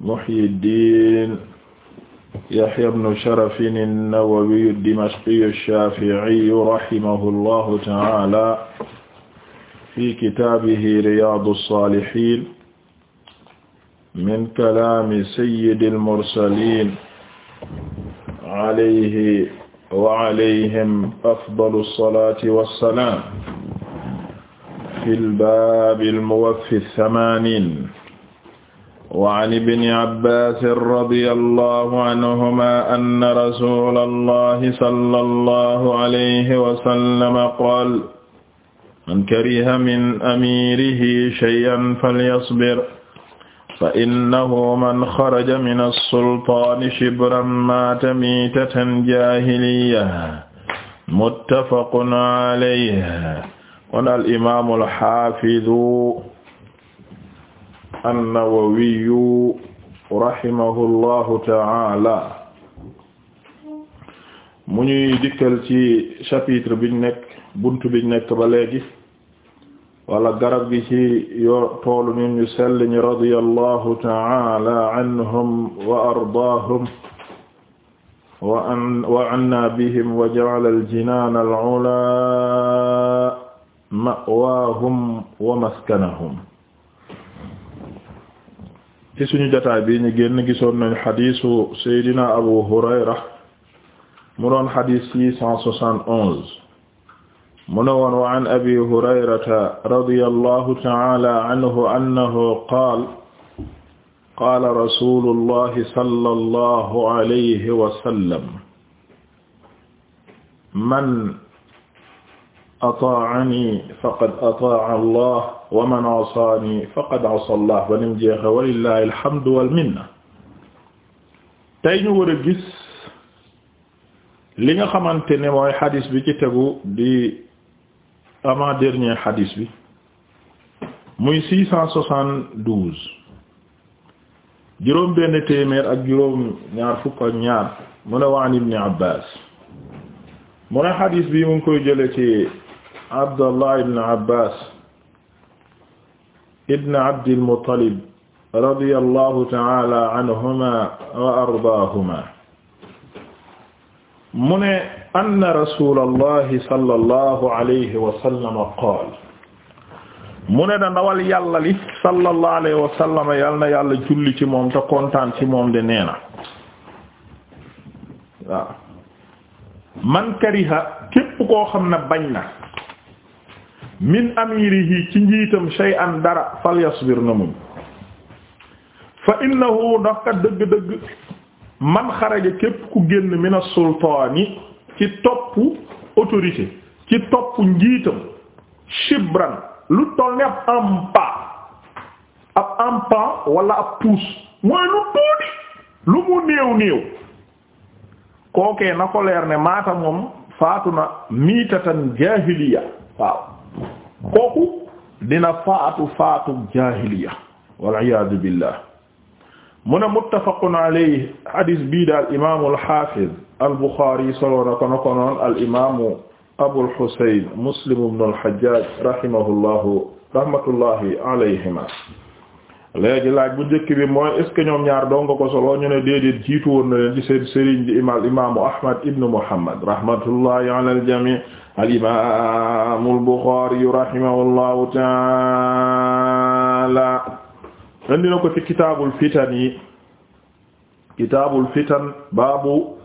Muhyiddin Yahya ibn Sharaf an-Nawawi ad-Dimashqi ash-Shafi'i rahimahullahu ta'ala fi kitaabihi Riyaadu as-Saalihiin min kalaami sayyidil mursaliin alayhi wa alayhim afdalu as-salaati was-salaam fil baabil muwaffi ath-thamaaniin وعن ابن عباس رضي الله عنهما أن رسول الله صلى الله عليه وسلم قال من كره من أميره شيئا فليصبر فإنه من خرج من السلطان شبرا مات ميتة جاهلية متفق عليه قال الإمام الحافظ an-Nawawiyu rahimahullahu ta'ala mu ñuy dikkal ci chapitre biñ nekk buntu biñ nekk ba léegi wala garab gi ci yoo toolu ñun ñu sell ñi radiyallahu ta'ala anhum wa ardaahum wa an wa anna bihim wa ja'ala al-jinaan al-'ulaa ma'waahum wa maskanahum ci suñu jotaay bi ñu génn gisoon nañu xadiisu Seydina Abu Hurayra mu doon xadiis six cent soixante onze mu ne woon wa an abi hurayrata radiyallahu ta'ala anhu annahu qaala qaala rasuulullahi sallallahu alayhi wa sallam man ataani faqad ataa allah wa man asaani faqad asa allah ba nim jeexe walillahi alhamdu wal minna tey ñu war a gis li nga xamante ne mooy xadis bi ci tegu di avant dernier xadis bi muy six cent soixante-douze juróom benn téeméer ak juróom ñaar fukk ak ñaar mu ne waan ibni abbas mu ne xadis bi mu ngi koy jële ci Abdallah ibn Abbas ibn Abdil Muttalib radiyallahu ta'ala anhuma wa ardaahuma mu ne anna rasulallahi sallallahu alayhi wa sallam qaala mu ne da ndawal yàlla li sallallahu alayhi wa sallam yal na yàlla julli ci moom te kontaan ci moom de nee na waaw man kariha képp koo xam ne bañ na min amirihi ci njiitam shay'an dara falyasbir na muñ fa innahu ndax kat dëgg-dëgg man xaraja képp ku génn min as-sultaani ci topp autorité ci toppu njiitam shibran lu toll ni ab ampa ab ampa wala ab pouce mooy lu tuuti lu mu néew néew kookee na ko ne maata moom faatu na miitatan jaahiliya waaw kooku dina faatu faatu jaahiliya wal iyaadu billah mu ne muttafaqun alayhi hadis bii daal imaamu al-Haafiz al-Buxaari solo na ko na ko noon al imaamu Abul Husayn Muslim ibn al-Hajjaaj rahimahullahu rahmatullahi alayhima léegi laaj bu njëkk bi mooy est ce que ñoom ñaar doon nga ko solo ñu ne déedéet jiitu woon na leen ci Muhammad rahmatullahi al-jamii al imaamu al-Buxaari rahimahullahu taala indi na ko ci kitaabul fitan yi kitaabul fitan baabu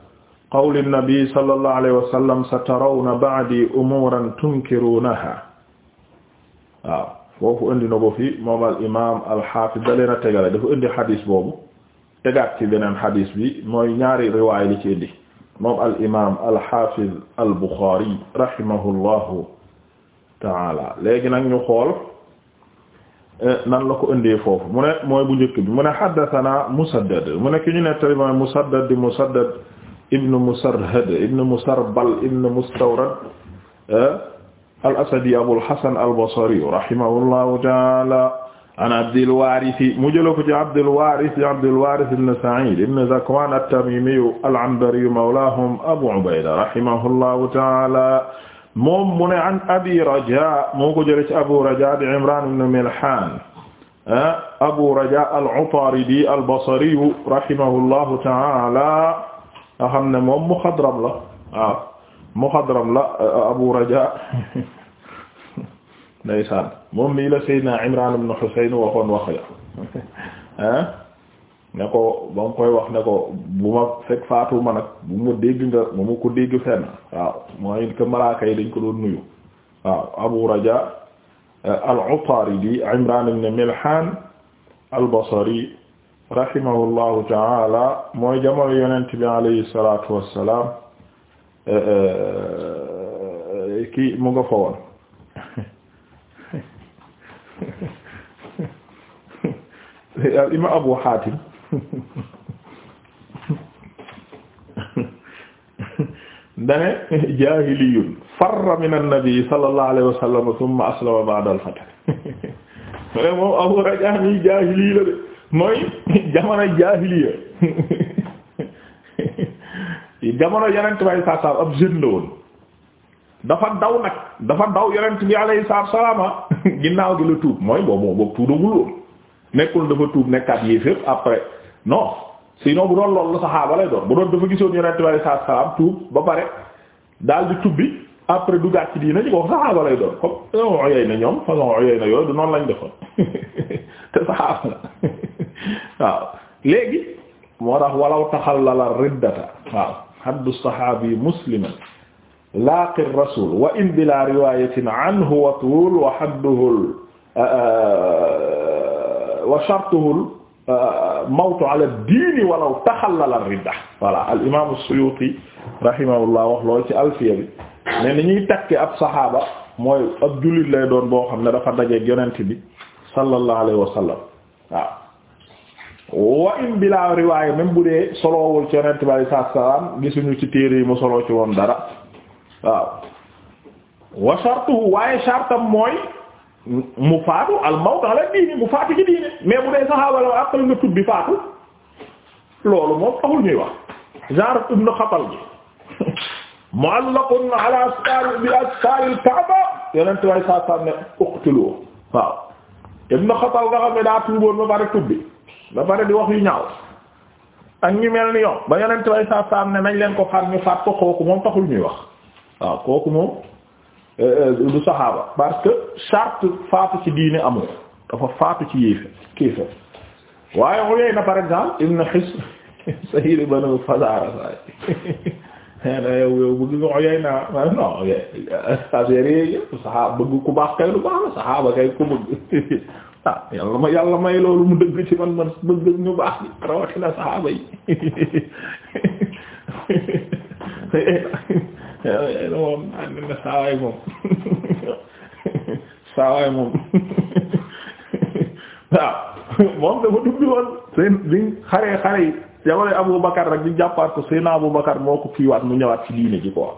foofu indi na ko fi moom al imaam al xaafis da leen a tegale dafa indi xadis boobu tegaat ci beneen xadis bi mooy ñaari riwaay li ci indi moom al imaam al xaafis al buxaari rahimahullahu taala léegi nag ñu xool eh, nan la ko indee foofu mu ne mooy bu njëkk bi mu ne haddathana musaddad mu ne ki ñu nettali mooy musaddad di musaddad ibn musarhad ibn musarbal mu mustawrad eh, al asadi abul hasan al basri rahimahullahu taala an abdil waarisi mu jëloon ko ci abdil waaris abdil waaris ibn sa'id ibn zakwan at-tamimi al anbari mawlahum abu ubayda rahimahullahu taala moom mu ne an abi raja moo ko jëlee ci abu raja di imran ibn milhan ah, abu raja al utaridi al basri rahimahullahu taala nga xam ne moom muxadram la waaw. muxadram la euh, Abu Raja ndeysaan moom nii la Seydina Imran ibn Husayn waxoon wax ya ah ne ko ba mu koy wax ne ko bu ma fekk faatu ma nag bu ma dégg nga bu ma ko dégg fenn waaw mooy que malaaka yi dañ ko doon nuyu waaw Abu Raja euh, al-Utaridi Imran ibn Milhan al-Basri rahimahullahu ta'ala mooy jamono yonent bi alayhi salatu wassalam Euh, euh, euh, kii mu nga fa woon imaam Abu Hatim dane jaahiliyun farra min an-nabi sallallahu alayhi wa sallam thumma aslama ba'da al-fath moom Abu Rajaa mi jaahili la de mooy jamono jaahiliya jamono yonent bi alayhi salaam ab jeune la woon dafa daw nag dafa daw yonent bi alayhi salaam ginnaaw gi la tuub mooy boobu boobu tuubagul woon nekkul dafa tuub nekkaat yéef yépp après si no bu doon loolu la saxaaba lay doon bu doon dafa gisoon yonent bi salaam tuub ba pare daal di tubbi après du ci diina ñu ko saxaaba doon comme façon oyey na ñoom façon oyey na yooyu du noon lañ defoon te saxaaba waaw léegi moo tax walaw taxallala haddu saxaabi musliman laaqi rasul wa in bila riwayatin anhu wa tuul wa hadduhu wa shartuhu mawtu ala diini walaw taxallala ridda voilà al imaamu suyuti rahimahullah wax lool ci alfiya bi ne ni ñuy takke ab saxaaba mooy ab jullit lay doon boo xam ne dafa dajeeg yonent bi sallallahu alayhi wa sallam waaw wa in bilaa riwaaya même bu dee solowul ci yonent bi alayhi gisuñu ci téere yi mu soloo ci woon dara waaw wa shartuhu waaye shartam mooy mu faatu al mawt ala diini mu faatu ci diine mais bu dee saxaaba la après nga tubbi faatu loolu moom taxul ñuy wax genre ibn xatal bi mu'allaqun ala asfaar bi asfaar al kaaba yonent bi alayhi salaam ne uqtulu waaw ibn xatal nga xam ne daa tuuboon ba pare tubbi ba pare di wax yu ñaaw ak ñu mel ni yow ba yonent way sa am na nañ leen ko faat ñu faat ko kooku moom taxul ñuy wax waaw kooku moom euh, euh, du saxaaba parce que charte faatu ci diine amul dafa faatu ci yéefe kéefe waaye Uyayna na par exemple ibn Hisn sayyid banu Fazara say na yow yow bëgg nga Uyayna ah, non non affaire yi saxaaba bëgg ku baax kay lu baax saxaaba kay ku bëgg ah yàlla ma yàlla may loolu mu dëgg ci man man bëgg ñu baax ni rawatina saxaaba yi moom naan ne saawaay moom saawaay moom moom dafa dubbi woon seen liñ xare yi jamono Abu Bakar rek di jàppaat ko seen Abu Bakar moo ko fiiwaat mu ñëwaat ci diine ji quoi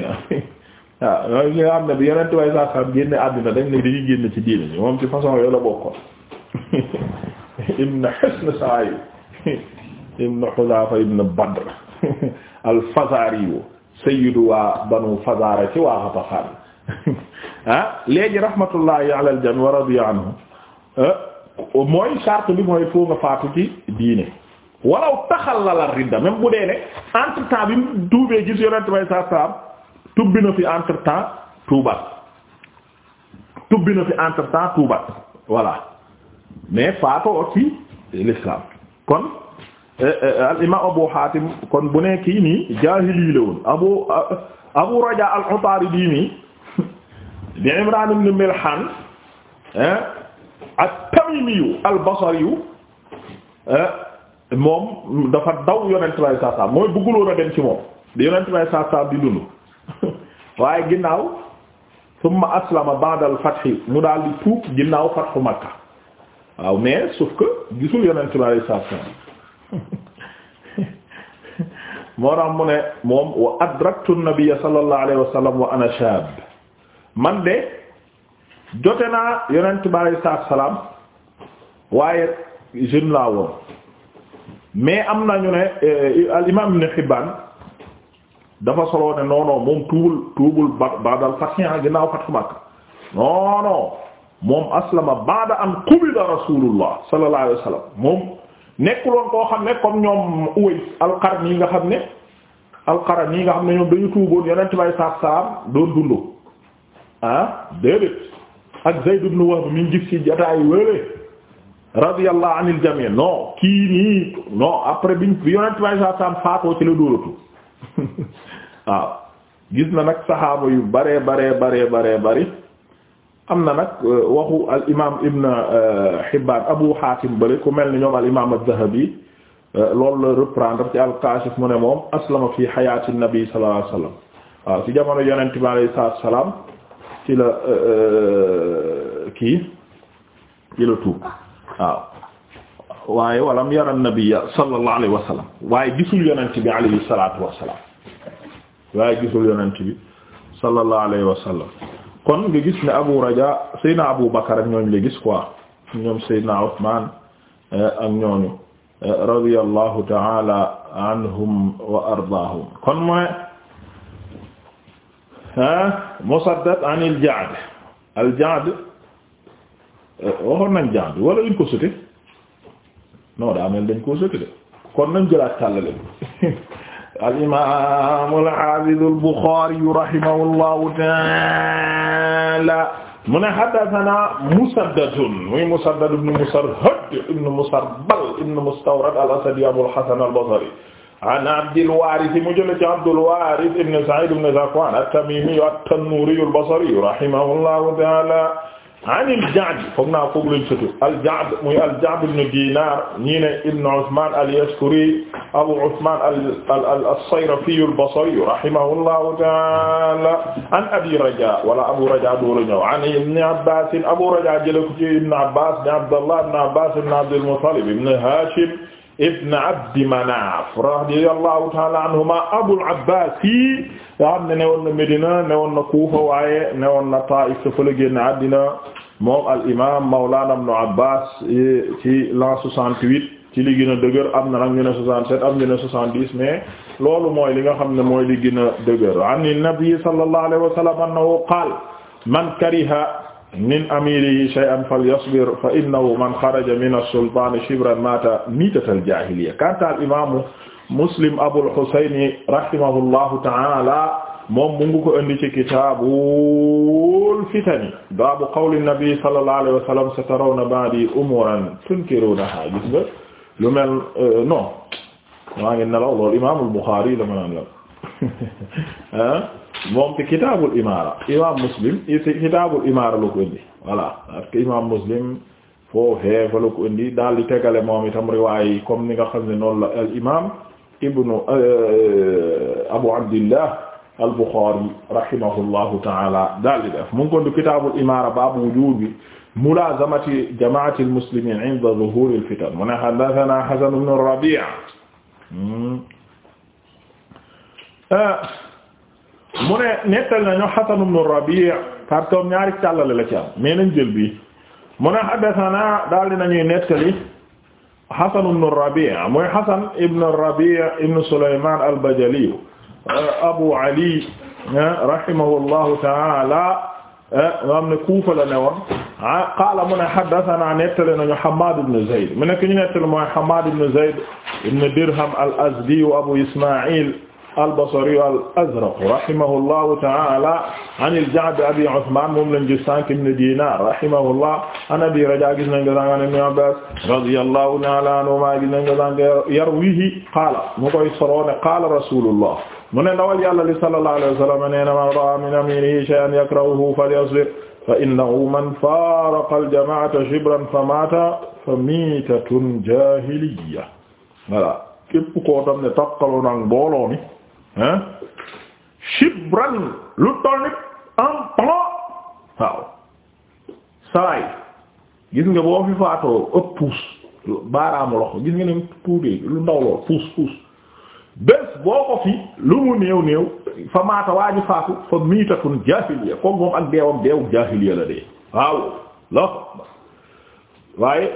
waaw yooyu nga xam ne bi yonent way saa saam génne àddina dañ ne dañuy génn ci diine moom ci façon yooyu la bokkoon ibn Hisn Sa'id ibn Hudhafa ibn Badr al-Fazari yu sayyidu waa banu Fazara ci waa Ghatafan ah léegi rahmatullahi ala al-jami wa radiya anhu eh, mooy bi mooy foo ridda même bu dee ne entre temps bi duubee gis yonent way saa saam tubbi na fi entre temps tuubat tubbi na fi entre temps tuubat voilà mais faatoo ci l'islam kon eh, eh, al imam Abu Hatim kon bu ne kii nii jaahili la woon abu eh, Abu Raja al-Utaridi nii di Imran ibn Milhan at-Tamimi al-Basri moom dafa daw yonent bi sallallahu alayhi mooy bëgguloon a dem ci moom di yonent bi sallallahu alayhi wasallam di dund waaye ginnaaw summa aslama ba'da al mu daal di tuub ginnaaw fathu Makka waaw mais sauf que gisul yonent bi alayhi salaatu moo tax mu ne moom wa adraktu an-nabiyya ana man de jote naa yonent bi alayhi salaatu salaam waaye jeune laa woon mais am nañu ne eh, al imaam Ibn Hibbaan dafa soloo ne non non moom tuubul tuubul ba baadal fatiha ginnaaw fatu Makka non non moom aslama baada an qubida rasulullah sallallahu alayhi wa sallam moom nekkuloon koo xam ne comme ñoom al-Qarni yi nga xam ne al-Qarni yi nga xam ne ñoom dañu tuuboon yonent bay saab saab doon dundu ah déedéet ak Zayd ibn Wahb mi ngi gis ci jataayu wéele radiyallahu anil jami' non kii nii non après biñ yonent bay saab faatoo ci la dóoratu waaw ah, gis na nag saxaaba yu bare baree baree baree bari am na nag euh, waxu al imaam Ibn euh, Hibbaan Abu Haatim bële ku mel ni ñoom al imaam Az-Zahabi euh, loolu la reprendre ci al-Kaashif mu ne moom aslama fi xayaati nabi sallallahu alayhi wasallam waaw ah, ci jamono yonent bi alayhi salaatu salaam ci la kii ci la tuub waaw ah, waaye walam yara nabiyya sallallahu alayhi wa sallam waaye gisul yonent bi alayhi salatu wassalam waaye gisul yonent bi sallallahu alayhi wa sallam kon nga gis ne Abu Raja Seydina Abu Bakar ak ñooñu la gis quoi ñoom Seydina Usmaan eh, ak ñooñu eh, radiyallahu ta'ala anhum wa ardaahum kon mooy eh, Musaddad an al-Ja'd al-Ja'd waxoon nañ Ja'd wala ñu ko sute non daa mel dañ koo sotile kon nañ jëlaat tàllale al imam al hafiz al bukhari rahimahullahu ta'ala mu ne haddathana musaddadun muy musaddad ibn musarhad ibn musarbal ibn mustawrad al asadi abu al hasan al basri an Abdul Waaris mu jëlee ci Abdul Waaris ibn Sa'id ibn Zakwan at-Tamimi at-Tannuri al-Basri rahimahullahu ta'ala an al-Ja'd foog naa foog lañ sutu al-Ja'd muy al-Ja'd ibn Dinar ñii ne Ibn Ousmane al-Yashkuri Abu Ousmane al al as-Sayrafi al-Basri rahimahullahu ta'ala an Abi Raja wala Abu Raja doole ñëw an Ibn Abbas Abu Raja jëlee ko ci Ibn Abbas ibn Abdallah ibn Abbas ibn Abd al-Muttalib ibn Hashim ibn Abdi Manaf radiyallahu ta'ala anhuma Abul Abbas yi nga xam ne newoon na Medina newoon na Kufa waaye newoon na Taif fa la génn àddina moom al imaam Mawlana ibn Abbas ci l'an 68 ci li gën a dëgër am na nag ñu ne 67 am ñu ne 70 mais loolu mooy li nga xam ne mooy li gën a dëgër an nabi sallallahu alayhi wa sallam annahu qaala man kariha min amirihi shay'an falyasbir fa innahu man xaraja min as-sultaan shibran maata miitatal jaahiliya kantaal imaamu muslim abul husayni rahimahullahu ta'ala moom mu ngi ko indi ci kitaabul fitani baabu qawli nabi sallallahu alayhi wa sallam satarawna ba'di umuuran tunkiruunahaa gis nga lu mel euh, non maa ngi nelaw loolu imaamul buxaari la ma naan la. moom ci kitaabul imaara imaam muslim ci kitaabul muslim foofee fa la ko indi daal di tegale moom itam riwaay yi comme ni nga xam ne noonu la al imaam euh, abu abdillah al buxaari rahimahullahu taala daal di def mu ngi ko indi kitaabul imaara baabu wujuubi mulaazamati jamaati al muslimiin Ah, mu ne nettal nañu Hasan ibn Rabi' parce que ñaari tallale la ci am mais nañ jël bi mu ne haddathana daal dinañuy nettali Hasan ibn Rabi' mooy Hasan ibn Rabi' ibn Sulaymaan al-Bajali ah, Abu Ali ah, rahimahullahu ta'ala nga xam ne Kuufa la newoon qaala mu ne haddathana nettali nañu Hammaad ibn Zayd mu nekk ñu nettali mooy Hammaad ibn Zayd ibn Dirham al-Azdi Abu Ismaa'il al-Basri al-Azraq rahimahullahu ta'ala an al-Ja'd abi Uthman moom lañ gis sànq ibn Dinar rahimahullah an Abi Raja gis nañ ko sànq ibn Abbas radiyallahu ta'ala anhuma gis nañ ko sànq yarwihi qaala mu koy soroone qaala rasulullah mu ne ndawal yàlla li sallallahu alayhi wa sallam nee na man ra'a min amirihi shay'an yakrahuhu falyasbir fa innahu man faaraqa al-jamaa'ata shibran fa maata fa miitatun jaahiliyya voilà képp koo xam ne taqaloon ak mbooloo mi ah chibran lu toll nit en plan waaw sawaay gis nga boo fi faatoo ëpp puus baaraamu loxo gis nga ne tuutee lu ndaw lool puus puus bés boo ko fi lu mu néew néew fa maata waa ji faatu fa miitatun jaahiliya comme moom ak deewam deewu jaahiliya la dee waaw lox waaye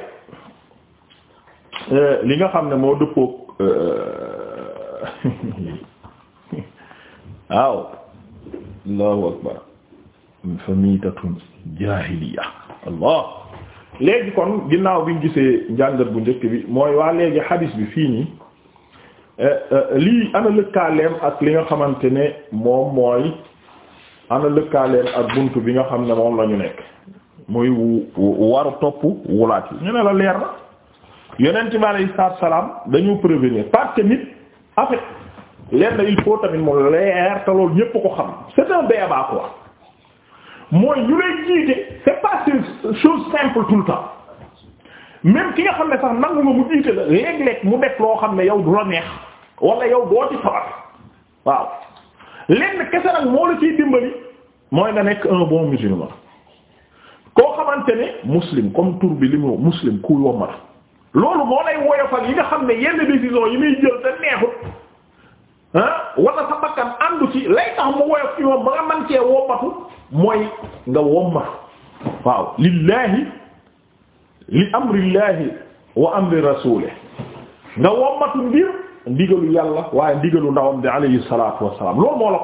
euh, li nga xam ne moo dëppook euh, waaw allahu akbar famitatun jahiliya allah léegi kon ginnaaw biñ gisee njàngat bu njëkk bi mooy waa léegi xadiis bi fii nii eh, eh, lii ana lëkkaaleem ak li nga xamante ne moom mooy ana lëkkaaleem ak bunt bi nga xam ne moom la ñu nekk muy waru topp wulaat yi ñu ne la leer na yonent bi alayhi salaam dañu prévenir parce nit en lenn il faut tamit mu leer te loolu ñépp ko xam c'est un béaba quoi mooy ñu lay jiite c'est pas une chose simple tout temps même ki nga xam ne sax nangu nga mu jiite la léeg-léeg mu def loo xam ne yow du la neex wala yow doo ci sabar waaw lenn kese nag moo la ciy dimbali mooy nga nekk un bon musulman koo xamante ne muslim comme tur bi li mu muslim ku yomb loolu moo lay woyofal yi nga xam ne yenn décision yi muy jël te neexut. ah wala sa bakkan àndu ci lay tax mu woyof ci moom ba nga man cee wommatu mooy nga wommatu waaw lillaahi li amrillaahi wa amri rasuule nga wommatu ngir ndigalu yàlla waaye ndigalu ndawam bi alayhi salaatu wassalaam loolu moo la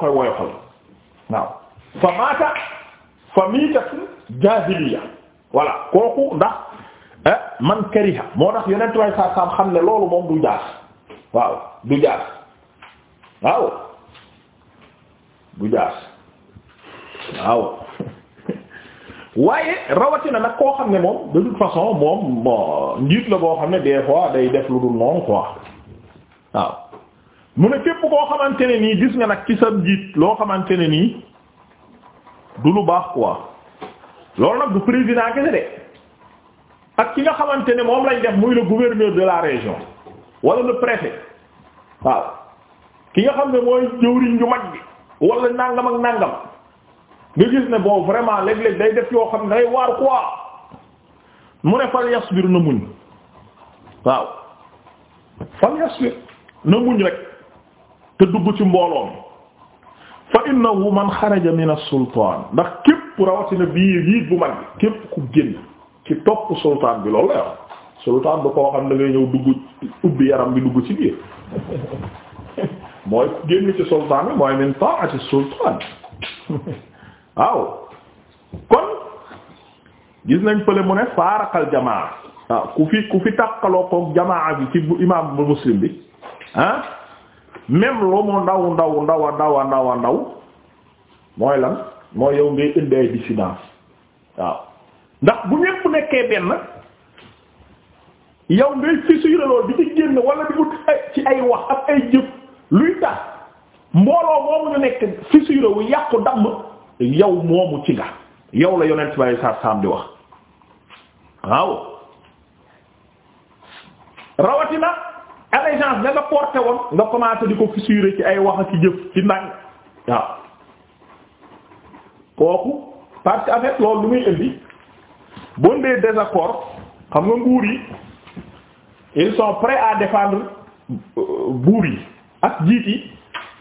kooku ndax eh, man kariha moo tax yonentu way saa xam ne loolu moom du jaas waaw du jaas waaw bu jaas waaw waaye rawatina nag koo xam ne moom de toute façon moom bon njiit la boo xam ne des fois day def lu dul noonu quoi waaw mu ne képp koo xamante ne nii gis nga nag ci sa njiit loo xamante ne nii du lu baax quoi loolu nag du président kese de ak ki nga xamante ne moom lañ def muy le gouverneur de la région wala le préfet waaw. ki nga xam ne mooy jëwriñ ju mag bi wala nangam ak nangam nga gis ne bon vraiment léeg-léeg day def yoo xam ne day waar quoi mu ne fal yasbir na muñ waaw fal na muñ rek te dugg ci mbooloo mi fa innahu man xaraja min as-sultaan ndax képp rawatina bii yiit bu mag bi képp ku génn ci topp sultaan bi loolu la yor sultaan bu koo xam ne ngay ñëw dugg ubbi yaram bi dugg ci biir mooy génn ci sultaan bi mooy min ta'ati sultaan waaw kon gis nañ fële mu ne faaraqal jamaa waaw ah, ku fi ku fi takkaloo koog jamaa bi ci imaam bu muslim bi ah même loo mu ndaw ndaw ndaw ndaw ndaw ndaw mooy lan mooy yow ngay indi ay dissidence waaw ndax bu ñépp nekkee benn yow ngay fisuuraloo di ci génn wala di ut ci ay wax ak ay jëf luy tax mbooloo moomu ñu nekk fissure wu yàqu damm yow moomu ci nga yow la yonent bi saa saam di wax waaw rawatina allégeance nga nga porté woon nga commencé di ko fissuré ci ay wax ak jëf ci nang waaw kooku parce que en fait loolu lu muy indi bon des xam nga nguur yi ils sont prêts à défendre euh, buur yi ak jiit yi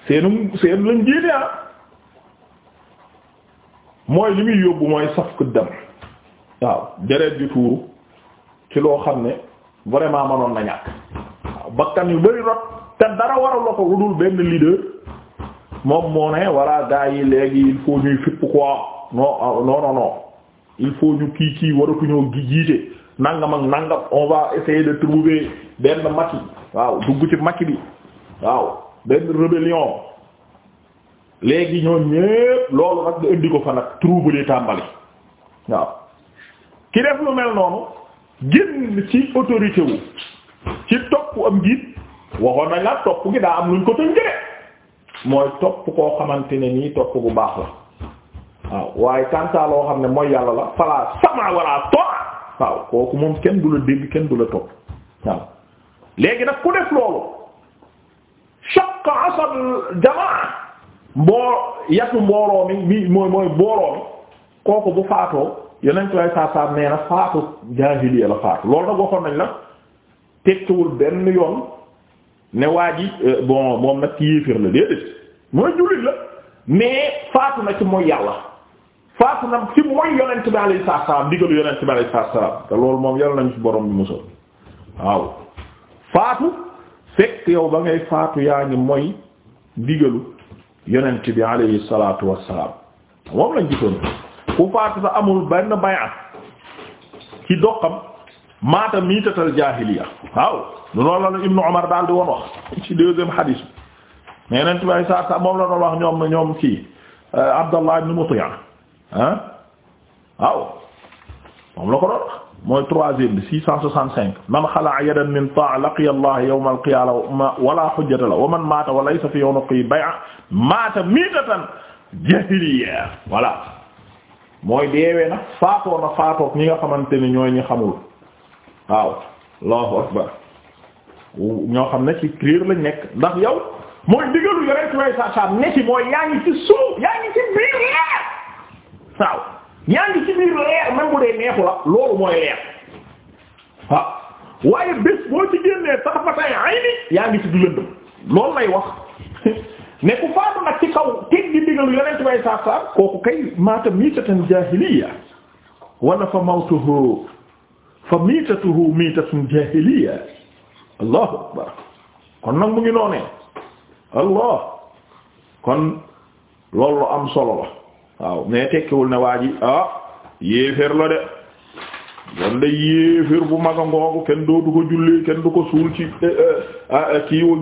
seenum seen lañ jiite ah mooy li muy yóbbu mooy saf ku waaw deret ju tuuru ci loo xam ne vraiment mënoon na ñàkk bakkan yu bari rot te dara war a ko lu dul benn leader moom moo ne voilà gars yi léegi il faut ñuy fipp quoi non ah, non non non il faut ñu kii kii waratuñoo gi jiite nangam ak nangam on va essayer de trouver benn Macky waaw dugg ci Macky bi waaw benn rébellion léegi ñoom ñépp loolu nag nga indi ko fa nag trouble tàmbali waaw ki def lu mel noonu génn ci autorité wu ci topp am njiit waxoon nañ la topp gi daa am luñ ko tënk mooy topp koo xamante ne nii topp bu baax la waaw waaye kantaa loo xam ne mooy yàlla la fala sama wala toa waaw kooku moom kenn du la dégg kenn du la topp waaw léegi nag ku def loolu shaq asal jamaa mboo yatu mbooloo mi mooy mooy mbooloo kooku bu faatoo yonent lay saa saa nee na faatu jaahiliya la faatu lool nag waxoon nañ la tekkiwul benn yoon ne waa ji euh, bon moom nag ci yéeféer la déedéet mooy jullit la mais faatu na ci mooy yàlla faatu na ci mooy yonent bi alayhi salaam digalu yonent bi alayhi salaam te loolu moom yàlla nañ ci boroom bi musal waaw faatu fekk yow ba ngay faatu yaa ngi mooy digalu yonent bi alayhi salaatu wassalaam moom lañ gisoon ku faatu sa amul benn bayat ci doqam maata miitatal jaahiliya waaw lu noonu la Ibnu Umar daal di woon wax ci deuxième hadith bi yonent bi alayhi salaatu wassalaam moom la doon wax ñoom ñoom ci Abdallah ibn Mutiya ah waaw moom la ko doon wax mooy troisième bi six cent soixante cinq man xalaa yadan min taa laqiya allah yawma alqiyama wala hujjata la wa man maata wa laysa fi yunqi bay'a maata miitatan jahiliya voilà mooy deewee na faatoo na faatoog ñi nga xamante ni ñooy ñi xamul waaw allahu akbar ñoo xam ne ci criir lañ nekk ndax yow mooy digalu yore ci way sa sa ne ci mooy yaa ngi ci yaa ngi ci biir leer même dee neexu la loolu mooy leer waaw waaye bés boo ci génnee tarfatay ay ni yaa ngi ci du lëndëm loolu lay wax ne faatu nag ci kaw teg di digalu yonent bay saasaan kooku kay maata miitatan jaahiliya wala fa mawtuhu fa miitatuhu miitatun jaahiliya allahu akbar kon nag mu ngi noonee allah kon loolu am solo waaw mais tekkiwul ne waa ji ah yéeféer la de kon de yéeféer bu mag ngoogu kenn dootu ko kenn du ko suul ci eh, eh, ah, eh, kii wa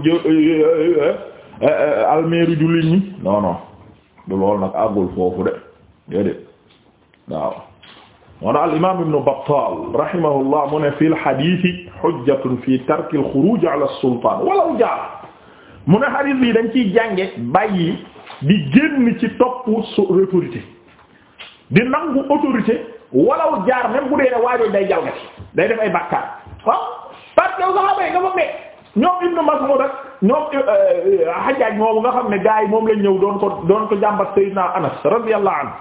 du loolu nag àggul foofu de déedéet waaw moo na al imam ibnu Battal rahimahullah mu ne fi l xaditi xujjatun fi tarki al ala sultaan walaw jaar mu ne xadis bi dañ ciy jànge bàyyi di génn ci topp autorité di nangu autorité walaw jaar même bu dee ne waajooñ day jalgati day def ay bàkkaar waaw parce que saxaaba nga fa mee ñoom Ibnu Mas'ud ak ñoom euh, euh, Hajjaj nga xam ne gaa yi moom lañ ñëw doon ko doon ko jàmbat Sayyidina Anas radiyallahu anhu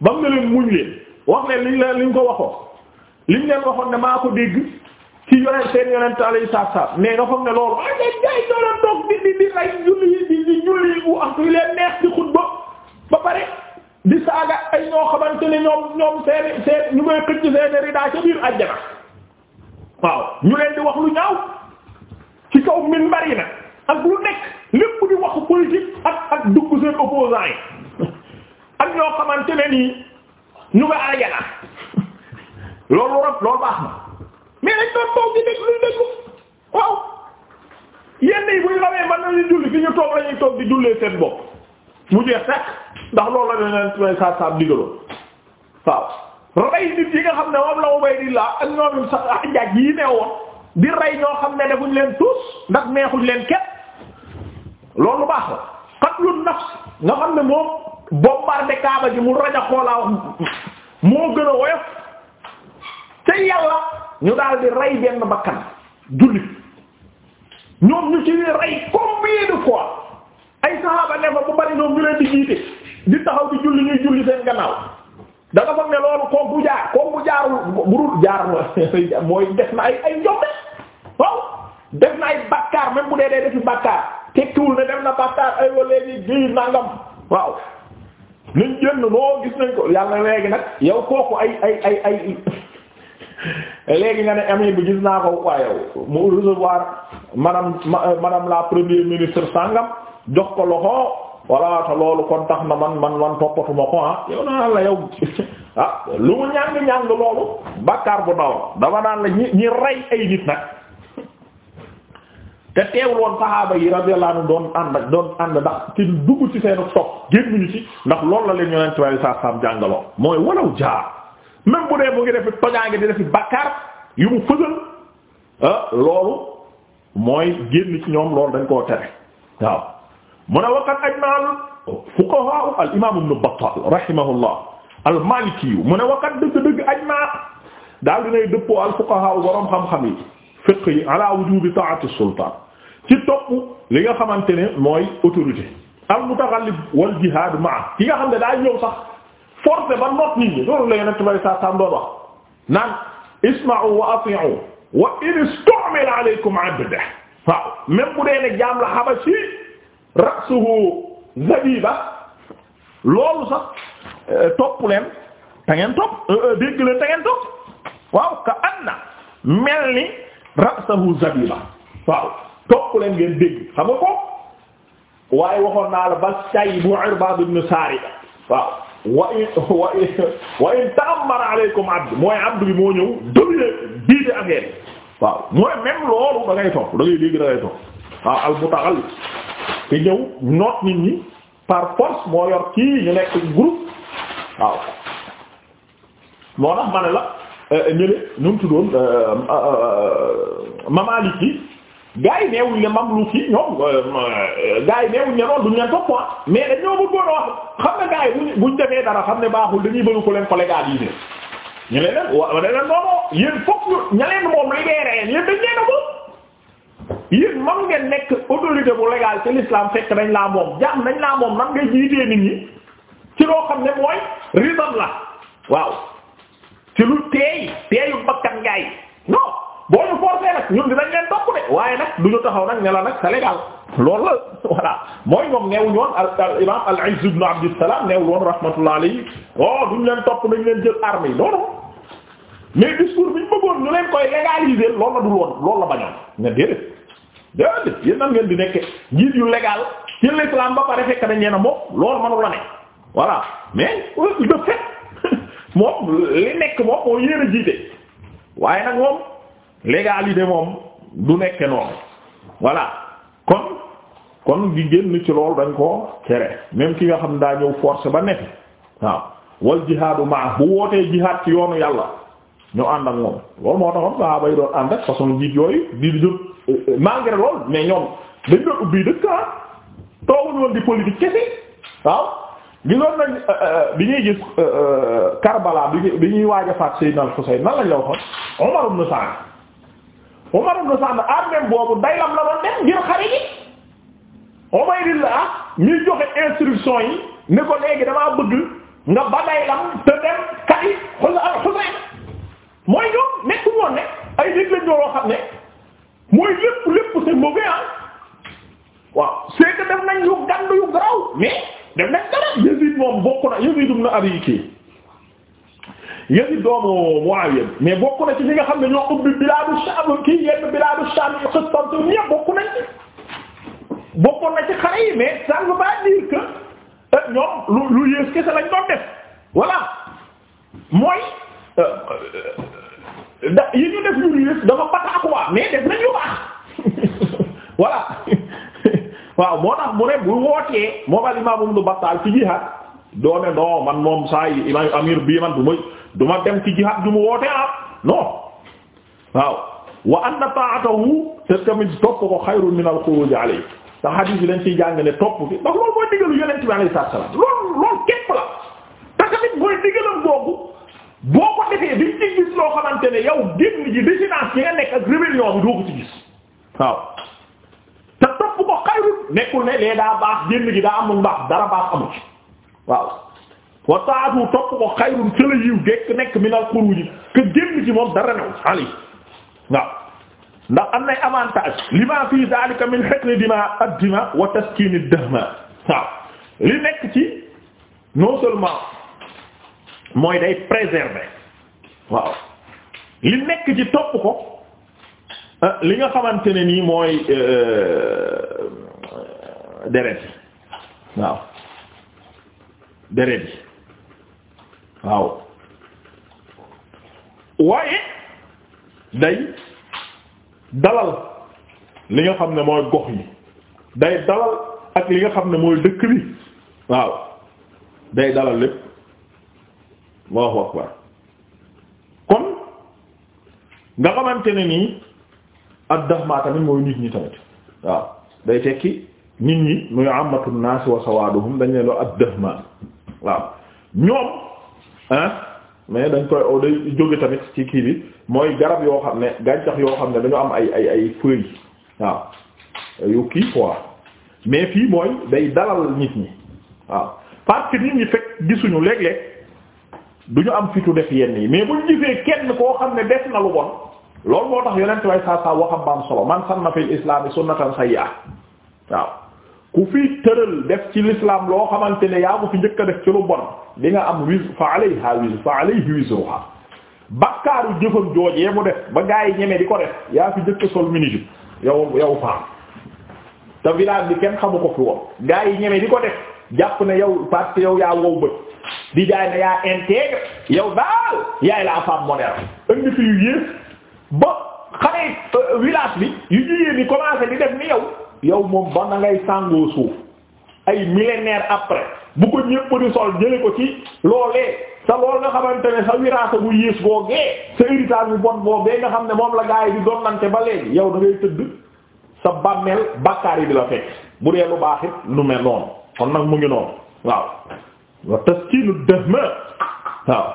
ba mu ne leen muñ leen wax ne liñ leen liñ ko waxoon liñ leen waxoon ne maa ko dégg ci yonent seen yonent alayhi salaam mais nga foog ne loolu ah jaay jaay di di di di di julli bu ak yu leen neex di xutba ba pare di saaga ay ñoo xamante ne ñoom ñoom seen seen ñu koy xëcc seen ridaa ca biir àjjana waaw ñu leen di wax lu ñaaw ci kaw minbar yi nag ak lu nekk lépp di waxu politique ak ak dugg seen opposants yi ak ñoo xamante ne nii ñu nga àjjana loolu rab loolu baax na. mais dañ doon toog di déglu déglu waaw yenn yi buñ xamee mën nañu julli fi ñu toog lañuy toog di jullee seen bopp mu jeex rek ndax loolu la ne leen may saab saab digaloon waaw rey nit yi nga xam ne moom la ubay di laa ak ñoom sax ajaaj yi ne woon di rey ñoo xam ne defuñ leen tuus ndax neexuñ leen kenn loolu baax la qatlun nafs nga xam ne moom bombardé kaaba ji mu rajaxoo laa wax moo gën a woyof te yàlla ñu daal di rey benn bakkan jullit ñoom ñu ci rey combien de fois ay saxaaba ne fa bu bari ñoom ñu leen di jiite di taxaw di julli ñuy julli seen gannaaw da nga foog ne loolu koom bu jaar koom bu jaarul burul jaar mooy def na ay ay njombe waaw def na ay bakkaar même bu dee dee defi bakkaar tekkiwul ne def na bakkaar ay wa léegi di nangam waaw nañ génn noo gis nañ ko yàlla léegi nag yow kooku ay ay ay ay léegi nga ne ami bi gis naa ko waaye mu recevoir madame madame la première ministre sàngam jox ko loxo voilà te loolu kon tax na man man man toppatuma ko ah yow naa la yow ah lu mu ñàng ñàng loolu bàkkaar bu ndaw dama naan la ñi ñi rey ay nit nag te teewul woon yi radiyallahu doon ànd doon ànd ndax ci dugg ci seen sopp génn ñu ci ndax loolu la leen yonent bi sallallahu alayhi jàngaloo mooy walaw jaar même bu dee mu ngi defi tojaange di defi bakkaar yu mu ah, loolu mooy génn ci ñoom loolu dañ koo tere waaw mu ne waqat ajmaal fuqahaa al imaam ibn Battaal rahimahullah al maliki mu ne waqat dëgg-dëgg ajmaa daal dinay dëppoo al fuqahaa boroom xam-xam yi fiqh yi ala wujubi taati sultaan ci topp li nga xamante ne mooy autorité al mutaghallib wal jihaad ma'a ki nga xam ne daa ñëw sax. forcé ba noot nit ñi loolu la yonent bi saa saam wa ati'u wa in istu'mila alaykum abda waaw ne jaam la habashi ra'suhu zabiba loolu sax euh, topp leen te ngeen euh, euh, waaw ka anna mel zabiba waaw topp leen ngeen dégg xam nga ko waaye waxoon naa la bu Irbaad ibn Saariya waaw wa in wa in wa in ta'ammara alaykum abd mooy abd bi moo ñëw domine diite affaire waaw mooy même loolu da topp da ngay dégg topp waaw al mutaxal te ñëw noot nit ñi par force moo yor kii ñu nekk groupe waaw moo tax ma la ñële euh, ñu tuddoon euh, euh, mamalik yi gaa yi neewuñ ne mamluk yi ñoom euh, euh, gaa yi neewuñ ne noonu duñ leen topp quoi ah. xam ne gaa yi buñ buñ dara xam ne baaxul dañuy bëgg ko leen ko légaliser ñu ne leen wa ne leen noonu yéen fokk ñu ña leen moom libéré yéen dañ leen a moom yéen man ngeen nekk autorité bu légal ci l'islam fekk nañ laa moom jàmm nañ laa moom man ngay ji nit ñi ci loo xam ne mooy ridam la waaw ci lu teey teeyu bakkan gaa yi non boo ñu forcé nag ñun dinañ leen topp de waaye nag du ñu taxaw nag ne la nag c'est légal lool la voilà mooy ñoom neewuñu woon al al imaam al-Izz ibn Abdussalam neewul woon rahmatullah alayhi oh duñ leen topp nañ leen jël armes yi non non mais discours bi bëggoon ñu leen koy légaliser loolu la dul woon loolu la bañoon nga déedéet ngeen di nekke njiit yu légal ci l'islam ba pare fekk nañ ñeena moom loolu mënul la ne voilà mais de nekk moom moo yéen a jiite waaye nag moom. légalité moom du nekk noonu voilà kon kon di génn ci loolu dañ ko tere même ki nga xam daa ñëw force ba nekk waaw wal jihaadu maa bu wootee jihaad ci yoonu yàlla ñu ànd ak moom loolu moo taxoon saxaaba yi doon ànd ak façon jiit yooyu di di jot euh, malgré loolu mais ñoom dañ doon ubbi dëkk ah. toogul woon di politique kese waaw gisoon nañ euh, euh, bi ñuy gis Karbala bi ñuy waaj a faat si Al-Husayn nan lañ la waxoon Umar ibn Sa'd Umar ibn Sa'd armée boobu daylam la doon dem ngir xare gi Umayrullah ah ñuy joxe instruction yi ne ko léegi damaa bëgg nga ba daylam te kati Husayn Husayn mooy ñoom nekku ne ay nit lañ xam ne mooy lépp lépp c'est mauvais ah waaw c'est def nañ yu gànd yu garaw mais def nañ dara Yazid moom bokk na Yazid ibn Abi kii Yazid doomu Muawiya mais bokk na ci li nga xam ne ñoo ubbi bilaadu Sham kii yenn bilaadu Sham yi Constantinople ñëpp bokk nañ ci bokkoon na ci xare yi mais ça ne veut pas dire que euh, lu lu yées kese lañ doon def voilà mooy euh, euh, da yi def lu yées dafa pataakuwaat mais def nañ lu baax voilà waaw moo tax mu ne bu wootee moom al imaam Ibn Battal ci jihaad doo man moom saa yi imam amir bii man du moy duma dem ci jihaad ju mu woote ah non waaw wa anna ta'atahu te tamit topp ko xayrun min al-xuruj alayhi te leen ciy jàng ne topp bi ndax loolu mooy digalu yonent bi alayhi salaam loolu loolu képp la te tamit mooy digalam boobu boo ko defee di ci loo xamante ne yow génn ji dissidence yi nga nekk ak rébellion bi doo ko ci waaw te topp ko xayrun nekkul ne lee daa baax génn gi daa amul mbaax dara waaw wa taatu topp ko xayrun cëla yiw gekk nekk minal xuruuji ke génn ci moom dara new ali waaw ndax am nay avantage lima fii zalika min hiqni dima addima wa taskini dahma waaw li nekk ci non seulement mooy day préserver waaw li nekk ci topp ko euh, li nga xamante ne nii mooy euh, deret waaw deret yi waaw waaye day dalal li nga xam ne mooy gox yi day dalal ak li nga xam ne mooy dëkk bi waaw day dalal lépp Allahu akbar kon nga xamante ne nii ak dahma tamit mooy nit ñi tamit waaw day tekki nit ñi muy amatu naas wa sawaaduhum dañ ne loo ad dahma waaw ñoom ah mais dañ koy o oh, day jóge tamit ci kii bi mooy garab yoo xam ne gàncax yoo xam ne dañu am ay ay ay feuilles waaw yu kii fois mais fii mooy day dalal nit ñi waaw parce que nit ñi fekk gisuñu léeg-léeg duñu am fitu def yenn yi mais buñ gisee kenn koo xam ne def na lu bon loolu moo tax yonent way saa saa waxam baam solo man sanna fil islaami sunnatan sayyi'ah waaw ku fi tëral def ci l'islam loo xamante ne yaa ko fi njëkk a def ci lu bon di nga am wis fa alayha wis fa alayhi wisruha bakkaaru jëfam joojee mu def ba gaa yi ñeme di ko def yaa fi njëkk sol minijib yow yow faam te village bi kenn xamu ko fi woon gaa yi ñeme di ko def jàpp na yow parce que yow yaa wow bët di jaay ne yaa intègre yow daal yaay la femme moderne indi fi yu yées ba xale euh, village bi yu jigéen ñi commencé di def ni yow yow moom ba na ngay sàngoo suuf ay millénaire après bu ko ñëpp di sol jële ko ci loolee sa lool nga xamante ne sa wiraasa bu yées boogee sa héritage bu bon boogee nga xam ne moom la gaa yi di donnante ba léegi yow da tëdd sa bàmmeel bàkkaar yi di la fekk bu dee lu baax it lu mel noonu kon nag mu ngi noonu waaw wa taskiinu dëhma waaw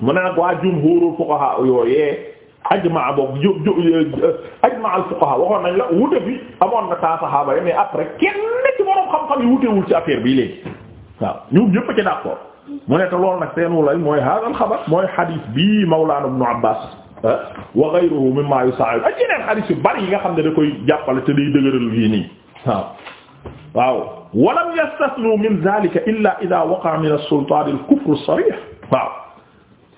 mu ne nag waa jumhuurul fuqaha yooyee ajmaa boobu ju ju eh, ajmaa al fuqaha waxoon nañ la wute bi amoon na taa saxaaba yi mais après kenn ci borom xam-xam yi wutewul ci affaire bi léegi waaw ñoom ñëpp ci d'accord mu ne te loolu nag seen wulay mooy hadal xabar mooy xadiis bi Mawlaana Ibnu Abbaas eh, wa ghayruhu mimma yusaa'id ak yeneen xadiis yu bari yi nga xam ne da koy jàppale te day dëgëral yi nii waaw waaw walam yastasnu min zalika illa idha waqa'a min as-sultaan al-kufr as-sarih waaw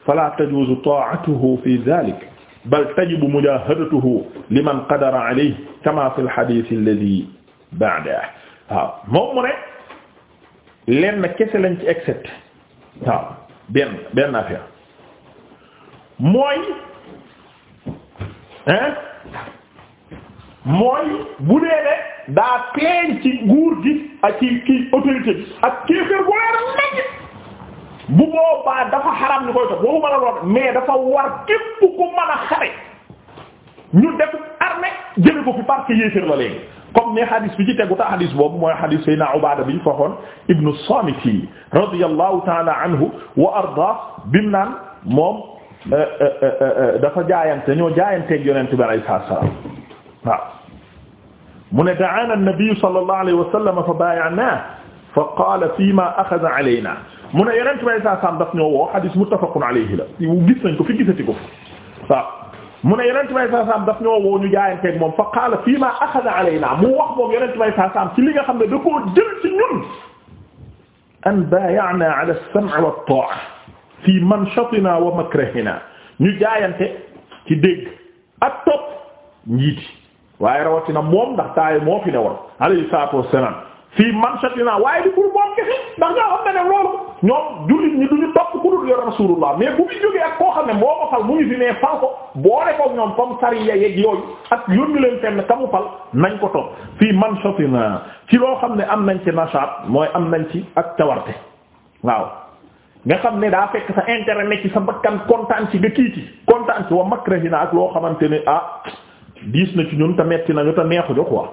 fala tajuzu ta'atuhu fi zalika bal tajibu mujahadatuhu liman qadara alayhi fi al-hadith alladhi ba'dahu waaw ne lenn kese lañ ci excepté waaw benn benn affaire mooy hein mooy bu dee ne daa plainte ci nguur gi ak ci kii autorité bu boobaa dafa xaram ñu koy topp waxuma la lool mais dafa war képp ku mën a xare ñu def armée jële ko fi parce que yéeféer la léegi comme ne xadis bi ci tegu ta xadis boobu mooy xadis Seydina Ubaada bi ñu faxoon ibnu Saamit radiyallahu ta'ala anhu wa arda bim naan moom euh, euh, euh, dafa jaayante ñoo jaayanteeg yonente bi alayhi salaatu salaam waaw mu ne da'aana an-nabiyyu sallallahu alayhi wa sallam fa baaya'naahu fa qaala fiimaa axaza alaynaa mu ne yeneen tubay saa saam daf ñoo woo hadis muttafaqun alayhi la gis nañ ko fi gisati ko waaw mu ne yeneen tubay saa saam daf ñoo woo ñu jaayanteeg moom a qaala fii ma axada alaynaa mu wax moom yeneen tubay saa saam ci li nga xam ne da koo jël ci ñun. an baayanaa ala as-sam'i wa at-taa'a fii manshatinaa wa makrahinaa ñu jaayante ci dégg ak topp njiiti waaye rawatina moom ndax taay moo fi ne woon alayhi salaatu wa salaam fii manshatinaa waaye di pour moom kese ndax ñoo xam ne loolu. ñoom jullit ñi duñu topp ku dul yor rasulullah mais bu fi jógee ak koo xam ne moo ko fal mu ngi fi mais fal ko boole ko ñoom comme sariya yeeg yooyu ak yónni leen fenn kamu fal nañ ko topp fii man safina ci loo xam ne am nañ ci nashaat mooy am nañ ci ak tawarte waaw nga xam ne daa fekk sa intérêt ci sa bakkan kontaan ci nga kiiti kontaan ci wa makrahina ak loo xamante ne ah diis na ci ñun te metti nañu te neexuñu quoi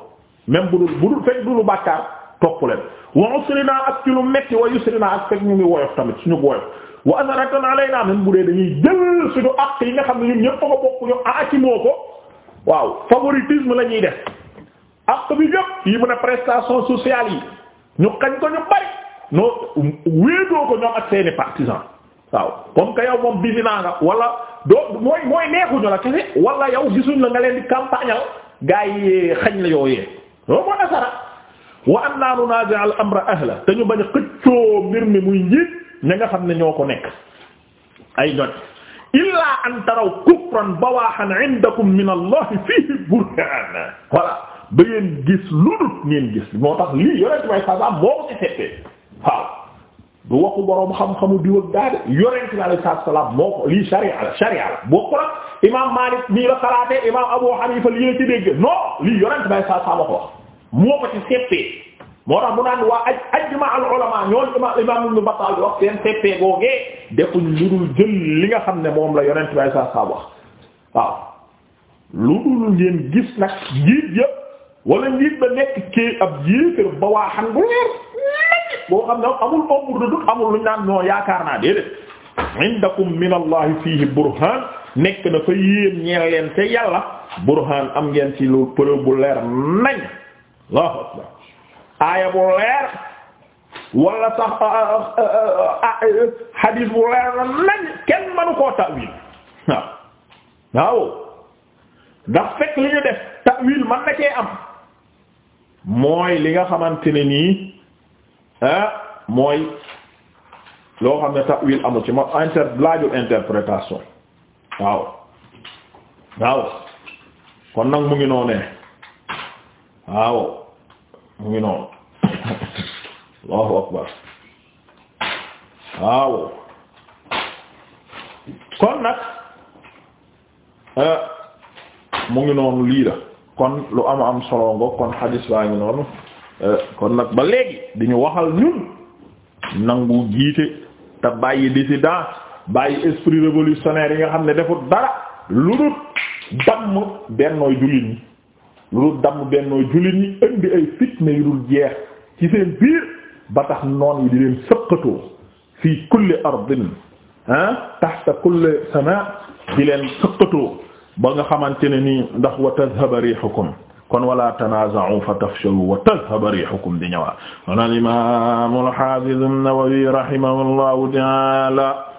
même bu dul bu dul wa usrinaa ak ci lu metti wa yusrinaa ak fekk ñu ngi tamit suñu woyof wa asaratan dañuy jël suñu àq yi xam ne ñun ñëpp ko bokk ñu ko waaw favoritisme la ñuy def àq bi yëpp yi mu ne prestation sociale yi ñu xañ ko ñu bari noo wéetoo ko ñoom ak seeni partisans waaw comme que yow moom bisi naa nga wala doo mooy mooy neexuñu la kese wala yow gisuñ la nga leen di gaa yi xañ la yooyee loolu mooy asara wa an laa nunaazi' al amra ahla te ñu bañ a xëccoo mbir mi muy njiit ña nga xam ne ñoo ko nekk ay ñoñ illaa an taraw kufran bawaahan 'indakum min allah fiihi burhaan voilà ba ngeen gis lu dul ngeen gis moo tax lii yonent may saasaam moo ko ci seetee waaw du waxu boroom xam-xamu diw ak daade yonent bi alayhi salaatu salaam moo ko lii sharia la sharia la boo ko la imaam Maalik nii la xalaatee imaam Abu Haniifa lii la ci dégg non lii yonent bi alayhi salaatu salaam ko wax moo ko ci seppee moo tax mu naan waa aj ajma al ulama ñoon imam imam ibn Battal wax seen seppee googee defuñ lu dul jël li nga xam ne moom la yonent bay saa saa wax waaw lu dul ngeen gis nag njiit yëpp wala njiit ba nekk kii ab yéefér ba waa xam gu leer boo xam ne amul ombre de doute amul luñ naan ñoo yaakaar naa déedéet indakum min allahi nekk na fa yéen ñeel leen te yàlla burhan am ngeen ci lu preuve bu leer nañ Allahu akbar aaya bu leer wala sax ah, ah, ah, hadith bu leer nañ kenn mënu koo ta'wil waaw waaw fekk li ñu def ta'wil man na cee am mooy li nga xamante ne nii ah mooy loo xam ne ta'wil amu ci ma inter laajul interprétation waaw waaw kon nag mu ngi noonee waaw mu ngi noonu Allahu akbar waaw kon nag euh, mu ngi noonu lii la kon lu am am solo nga kon xadis baa ngi noonu euh, kon nag ba léegi di ñu waxal ñun nangu jiite te bàyyi dissident bàyyi esprit révolutionnaire yi nga xam ne defut dara lu dul damm bennooy jullit ñi lu dul damm bennoo jullit ñi indi ay fitna yu dul jeex ci seen biir ba tax noon yi di leen sëqatoo fii kulli ardin ah tahta kulli sama di leen sëqatoo ba nga xamante ne nii ndax wa tadhhaba rihukum kon wala tanaza'u fa tafshalu wa tadhhaba rihukum di ñëwaat. Imam al-Hafiz an-Nawawi rahimahullahu ta'ala